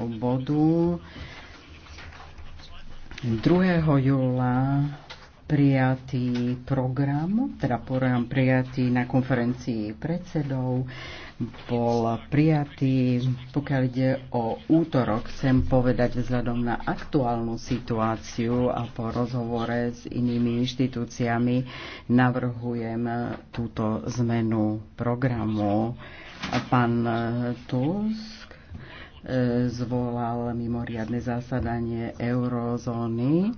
bodu 2. júla prijatý program, teda program prijatý na konferencii predsedov, bol prijatý, pokiaľ ide o útorok, chcem povedať vzhľadom na aktuálnu situáciu a po rozhovore s inými inštitúciami navrhujem túto zmenu programu. Pán Tus. E, zvolal mimoriadne zasadanie eurozóny,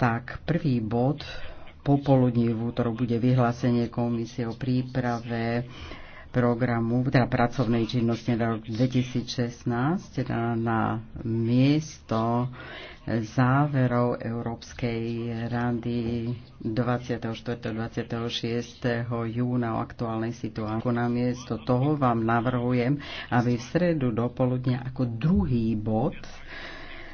tak prvý bod popoludní v útorok bude vyhlásenie komisie o príprave programu, teda pracovnej činnosti na rok 2016, teda na miesto záverov Európskej rady 24. 26. júna o aktuálnej situácii. Na miesto toho vám navrhujem, aby v stredu dopoludne ako druhý bod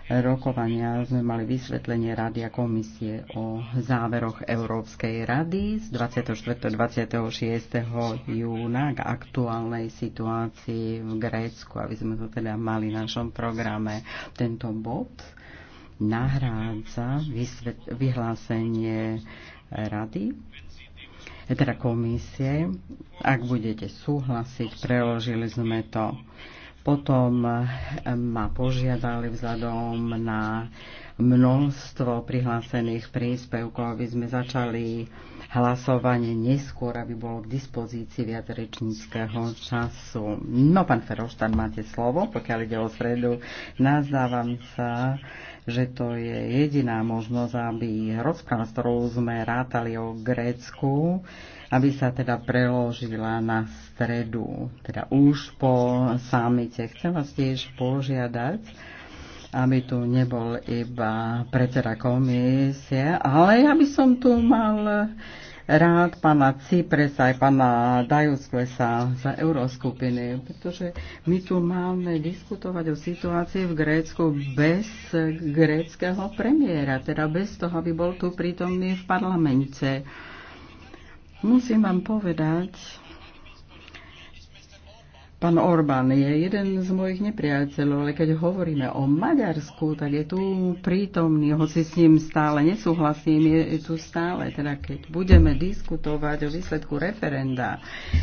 rokovania sme mali vysvetlenie Rady a komisie o záveroch Európskej rady z 24. 26. júna k aktuálnej situácii v Grécku, aby sme to teda mali v našom programe. Tento bod nahrádza vyhlásenie Rady teda komisie. Ak budete súhlasiť, preložili sme to potom ma požiadali vzhľadom na množstvo prihlásených príspevkov, aby sme začali hlasovanie neskôr, aby bolo k dispozícii viac rečníckého času. No, pán Feroštan, máte slovo, pokiaľ ide o stredu. Nazdávam sa, že to je jediná možnosť, aby rozpráva, s ktorou sme rátali o Grécku, aby sa teda preložila na stredu. Teda už po samite. Chcem vás tiež požiadať, aby tu nebol iba predseda komisie, ale ja by som tu mal rád pána Cipresa aj pána Dajusklesa za euroskupiny, pretože my tu máme diskutovať o situácii v Grécku bez gréckého premiéra, teda bez toho, aby bol tu prítomný v parlamente. Musím vám povedať, Pán Orbán je jeden z mojich nepriateľov, ale keď hovoríme o Maďarsku, tak je tu prítomný, hoci s ním stále nesúhlasím, je, tu stále. Teda keď budeme diskutovať o výsledku referenda,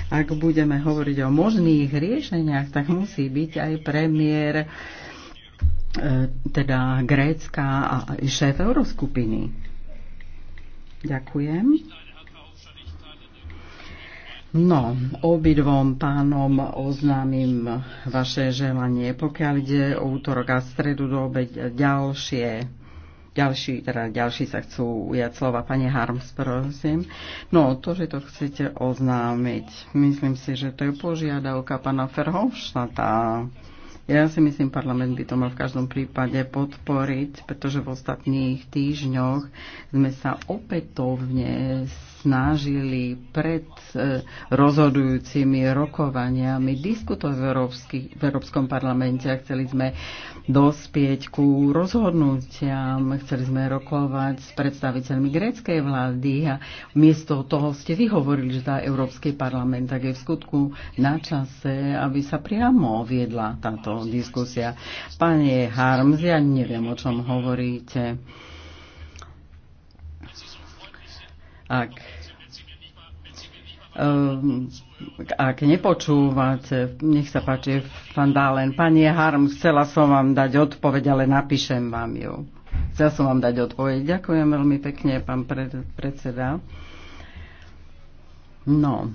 ak budeme hovoriť o možných riešeniach, tak musí byť aj premiér e, teda Grécka a šéf Euroskupiny. Ďakujem. No, obidvom pánom oznámim vaše želanie. Pokiaľ ide o útorok a stredu do obeď ďalšie, ďalší, teda ďalší sa chcú ujať slova. Pane Harms, prosím. No, to, že to chcete oznámiť, myslím si, že to je požiadavka pána Ferhovštata. Ja si myslím, parlament by to mal v každom prípade podporiť, pretože v ostatných týždňoch sme sa opätovne snažili pred e, rozhodujúcimi rokovaniami diskutovať v, v Európskom parlamente a chceli sme dospieť ku rozhodnutiam, chceli sme rokovať s predstaviteľmi gréckej vlády a miesto toho ste vyhovorili, že tá Európsky parlament tak je v skutku na čase, aby sa priamo viedla táto diskusia. Pane Harms, ja neviem, o čom hovoríte. Ak ehm, ak nepočúvate, nech sa páči, pán Dálen. Pani Harm, chcela som vám dať odpoveď, ale napíšem vám ju. Chcela som vám dať odpoveď. Ďakujem veľmi pekne, pán predseda. No,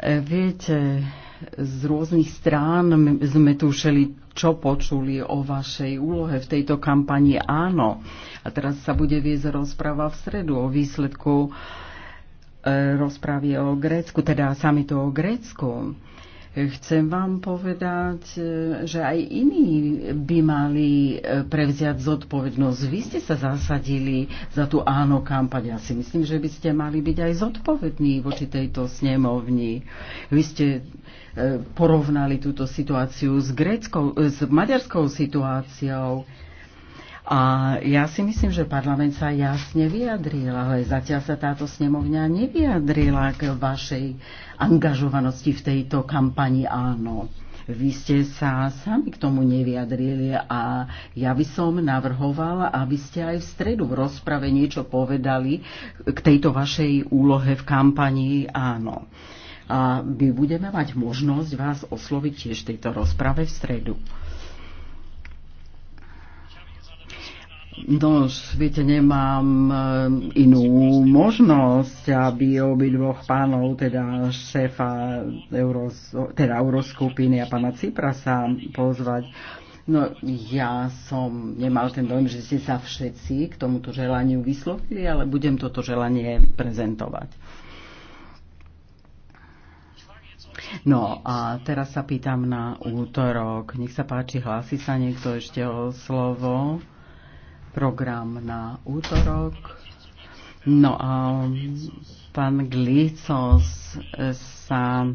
e, viete, z rôznych strán sme tu všeli čo počuli o vašej úlohe v tejto kampani áno. A teraz sa bude viesť rozpráva v stredu o výsledku e, rozprávy o Grécku, teda sami to o Grécku. Chcem vám povedať, e, že aj iní by mali e, prevziať zodpovednosť. Vy ste sa zasadili za tú áno kampaň. Ja si myslím, že by ste mali byť aj zodpovední voči tejto snemovni. Vy ste e, porovnali túto situáciu s, gréckou, e, s maďarskou situáciou. A ja si myslím, že parlament sa jasne vyjadril, ale zatiaľ sa táto snemovňa nevyjadrila k vašej angažovanosti v tejto kampani áno. Vy ste sa sami k tomu nevyjadrili a ja by som navrhovala, aby ste aj v stredu v rozprave niečo povedali k tejto vašej úlohe v kampanii áno a my budeme mať možnosť vás osloviť tiež v tejto rozprave v stredu. No, viete, nemám eh, inú možnosť, aby obidvoch pánov, teda šéfa Euros, teda Euroskupiny a pána Cipra sa pozvať. No, ja som nemal ten dojem, že ste sa všetci k tomuto želaniu vyslovili, ale budem toto želanie prezentovať. No a teraz sa pýtam na útorok. Nech sa páči, hlási sa niekto ešte o slovo. Program na útorok. No a pán Glicos sa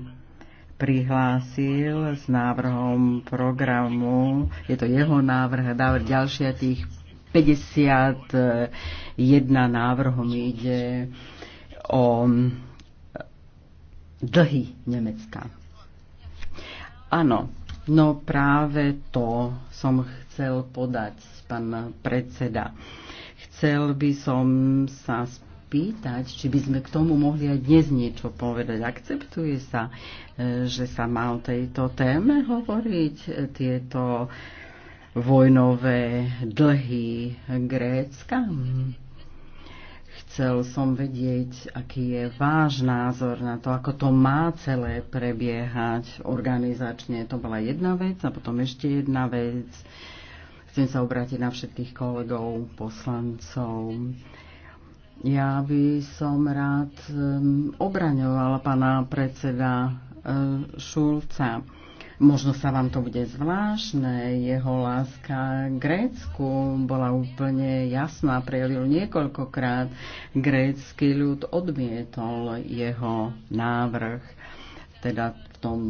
prihlásil s návrhom programu. Je to jeho návrh, návrh ďalšia tých 51 návrhom ide o dlhy Nemecka. Áno, no práve to som chcel podať, pán predseda. Chcel by som sa spýtať, či by sme k tomu mohli aj dnes niečo povedať. Akceptuje sa, e, že sa má o tejto téme hovoriť, e, tieto vojnové dlhy Grécka? Chcel som vedieť, aký je váš názor na to, ako to má celé prebiehať organizačne. To bola jedna vec a potom ešte jedna vec. Chcem sa obrátiť na všetkých kolegov, poslancov. Ja by som rád ehm, obraňovala pána predseda ehm, Šulca Možno sa vám to bude zvláštne, jeho láska Grécku bola úplne jasná, prejavil niekoľkokrát. Grécky ľud odmietol jeho návrh. Teda tom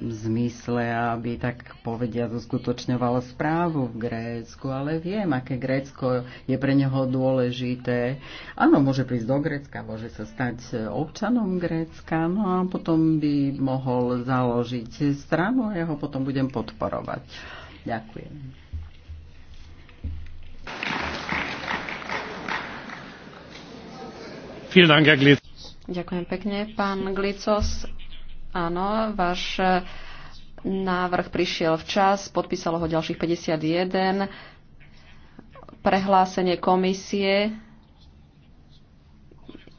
zmysle, aby tak povedia uskutočňovala správu v Grécku, ale viem, aké Grécko je pre neho dôležité. Áno, môže prísť do Grécka, môže sa stať občanom Grécka, no a potom by mohol založiť stranu a ja ho potom budem podporovať. Ďakujem. Ďakujem pekne, pán Glicos. Áno, váš e, návrh prišiel včas, podpísalo ho ďalších 51. Prehlásenie komisie,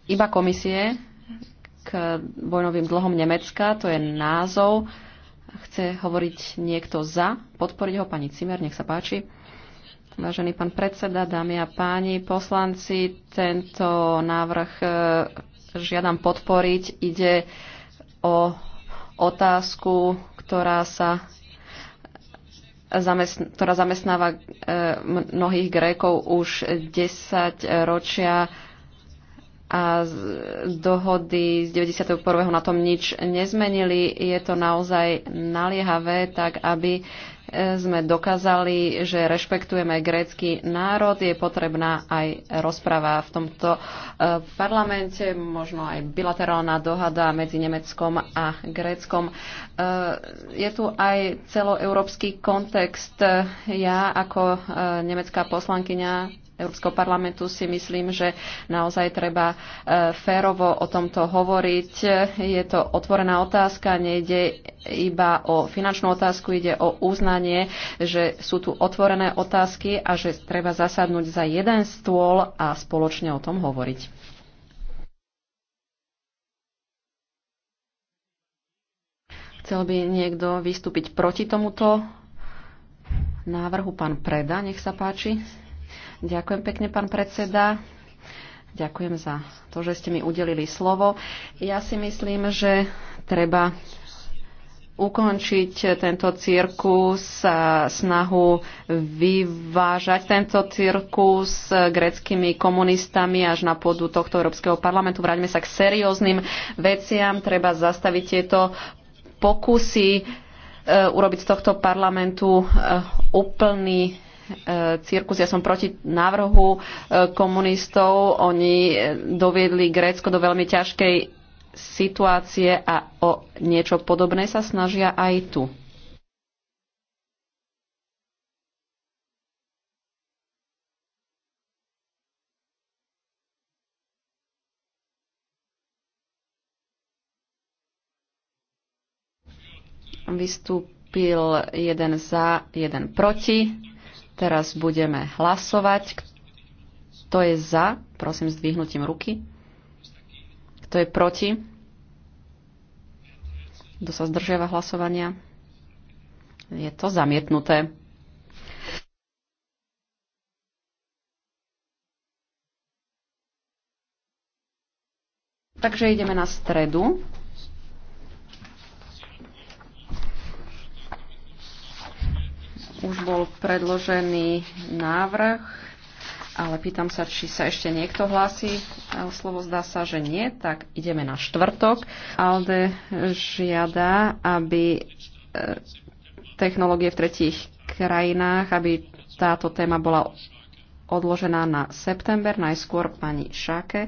iba komisie k vojnovým dlhom Nemecka, to je názov. Chce hovoriť niekto za, podporiť ho pani Cimer, nech sa páči. Vážený pán predseda, dámy a páni poslanci, tento návrh e, žiadam podporiť. Ide o otázku, ktorá sa ktorá zamestnáva e, mnohých Grékov už 10 ročia a dohody z 91. na tom nič nezmenili. Je to naozaj naliehavé, tak aby e, sme dokázali, že rešpektujeme grécky národ. Je potrebná aj rozprava v tomto e, parlamente, možno aj bilaterálna dohada medzi Nemeckom a Gréckom. E, je tu aj celoeurópsky kontext. Ja ako nemecká poslankyňa Európskeho parlamentu si myslím, že naozaj treba e, férovo o tomto hovoriť. Je to otvorená otázka, nejde iba o finančnú otázku, ide o uznanie, že sú tu otvorené otázky a že treba zasadnúť za jeden stôl a spoločne o tom hovoriť. Chcel by niekto vystúpiť proti tomuto návrhu? Pán Preda, nech sa páči. Ďakujem pekne, pán predseda. Ďakujem za to, že ste mi udelili slovo. Ja si myslím, že treba ukončiť tento cirkus a snahu vyvážať tento cirkus s greckými komunistami až na pôdu tohto Európskeho parlamentu. Vráťme sa k serióznym veciam. Treba zastaviť tieto pokusy e, urobiť z tohto parlamentu e, úplný E, cirkus. Ja som proti návrhu e, komunistov. Oni e, doviedli Grécko do veľmi ťažkej situácie a o niečo podobné sa snažia aj tu. Vystúpil jeden za, jeden proti. Teraz budeme hlasovať. Kto je za? Prosím, zdvihnutím ruky. Kto je proti? Kto sa zdržiava hlasovania? Je to zamietnuté. Takže ideme na stredu. Už bol predložený návrh, ale pýtam sa, či sa ešte niekto hlási. E, slovo zdá sa, že nie, tak ideme na štvrtok. Alde žiada, aby e, technológie v tretích krajinách, aby táto téma bola odložená na september, najskôr pani Šake.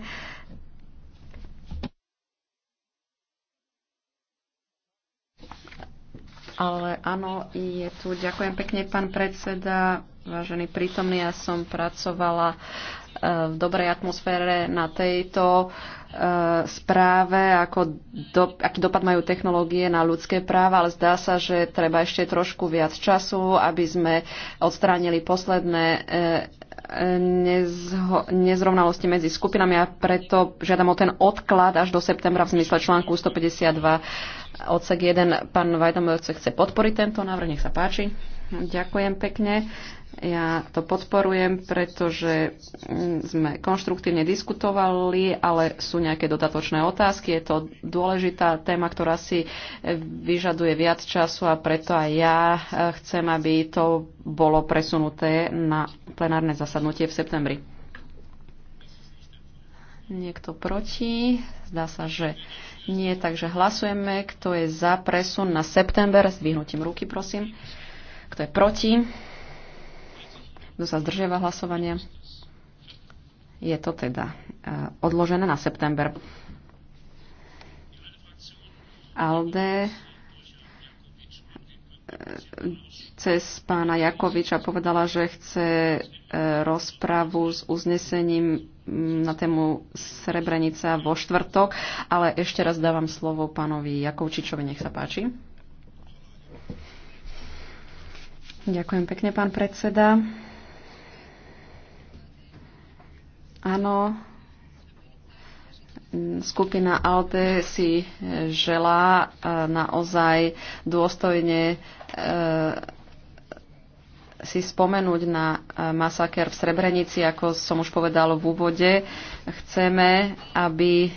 Ale áno, je tu. Ďakujem pekne, pán predseda. Vážený prítomný, ja som pracovala e, v dobrej atmosfére na tejto e, správe, ako do, aký dopad majú technológie na ľudské práva, ale zdá sa, že treba ešte trošku viac času, aby sme odstránili posledné e, nezho- nezrovnalosti medzi skupinami a preto žiadam o ten odklad až do septembra v zmysle článku 152 odsek 1. Pán Vajdomilce chce podporiť tento návrh, nech sa páči. Ďakujem pekne. Ja to podporujem, pretože mm, sme konštruktívne diskutovali, ale sú nejaké dodatočné otázky. Je to dôležitá téma, ktorá si vyžaduje viac času a preto aj ja eh, chcem, aby to bolo presunuté na plenárne zasadnutie v septembri. Niekto proti? Zdá sa, že nie, takže hlasujeme. Kto je za presun na september? S vyhnutím ruky, prosím. Kto je proti? Kto sa zdržiava hlasovanie? Je to teda e, odložené na september. ALDE cez pána Jakoviča povedala, že chce e, rozpravu s uznesením na tému Srebrenica vo štvrtok, ale ešte raz dávam slovo pánovi Jakovčičovi, nech sa páči. Ďakujem pekne, pán predseda. Áno, Skupina ALDE si e, želá e, naozaj dôstojne e, si spomenúť na masaker v Srebrenici, ako som už povedal v úvode. Chceme, aby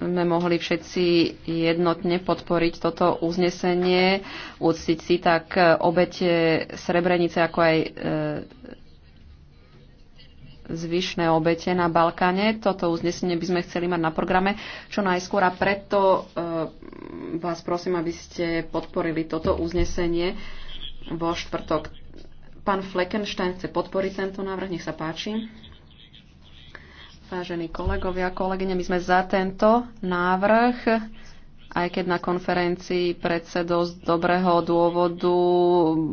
sme mohli všetci jednotne podporiť toto uznesenie, úctiť si tak obete Srebrenice, ako aj zvyšné obete na Balkáne. Toto uznesenie by sme chceli mať na programe čo najskôr a preto eh, vás prosím, aby ste podporili toto uznesenie vo štvrtok. Pán Fleckenstein chce podporiť tento návrh, nech sa páči. Vážení kolegovia, kolegyne, my sme za tento návrh aj keď na konferencii predsedov z dobrého dôvodu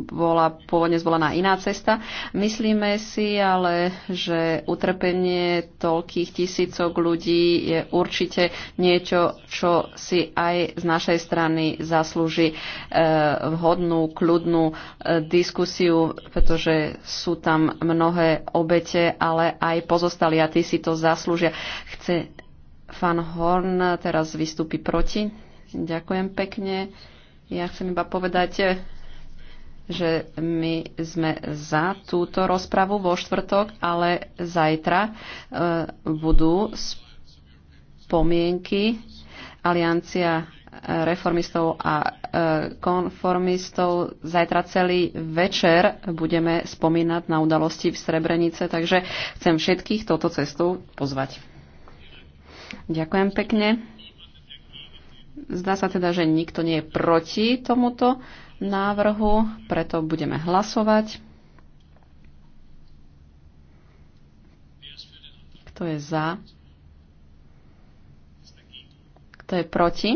bola pôvodne zvolená iná cesta. Myslíme si ale, že utrpenie toľkých tisícok ľudí je určite niečo, čo si aj z našej strany zaslúži e, vhodnú, kľudnú e, diskusiu, pretože sú tam mnohé obete, ale aj pozostali a tí si to zaslúžia. Chce Fan Horn teraz vystúpi proti. Ďakujem pekne. Ja chcem iba povedať, že my sme za túto rozpravu vo štvrtok, ale zajtra e, budú spomienky Aliancia reformistov a e, konformistov. Zajtra celý večer budeme spomínať na udalosti v Srebrenice, takže chcem všetkých touto cestou pozvať. Ďakujem pekne. Zdá sa teda, že nikto nie je proti tomuto návrhu, preto budeme hlasovať. Kto je za? Kto je proti?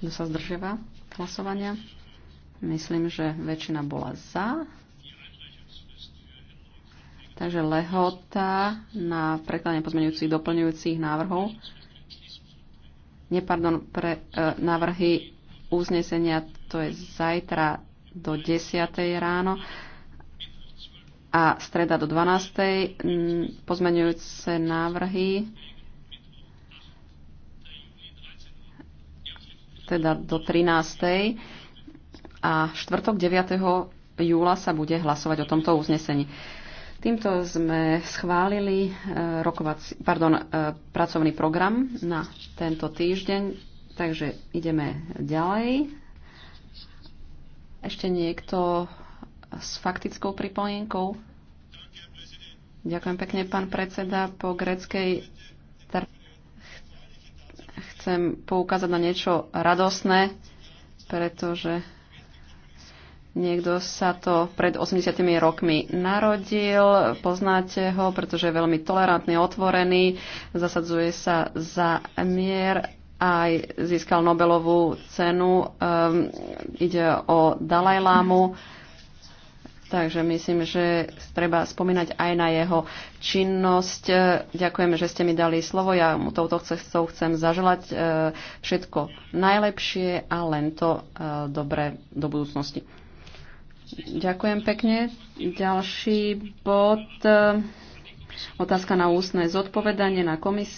Kto sa zdržiava hlasovania? Myslím, že väčšina bola za. Takže lehota na prekladanie pozmeňujúcich doplňujúcich návrhov nie, pardon, pre e, návrhy uznesenia, to je zajtra do 10. ráno a streda do 12. Mm, pozmeňujúce návrhy teda do 13. a štvrtok 9. júla sa bude hlasovať o tomto uznesení. Týmto sme schválili e, rokovací, pardon, e, pracovný program na tento týždeň, takže ideme ďalej. Ešte niekto s faktickou pripomienkou? Ďakujem pekne, pán predseda. Po greckej chcem poukázať na niečo radosné, pretože Niekto sa to pred 80 rokmi narodil, poznáte ho, pretože je veľmi tolerantný, otvorený, zasadzuje sa za mier aj získal Nobelovú cenu. Um, ide o Dalajlámu. Takže myslím, že treba spomínať aj na jeho činnosť. Ďakujem, že ste mi dali slovo. Ja mu touto cestou chcem zaželať eh, všetko najlepšie a len to eh, dobre do budúcnosti. Ďakujem pekne. Ďalší bod. Eh, otázka na ústne zodpovedanie na komisie.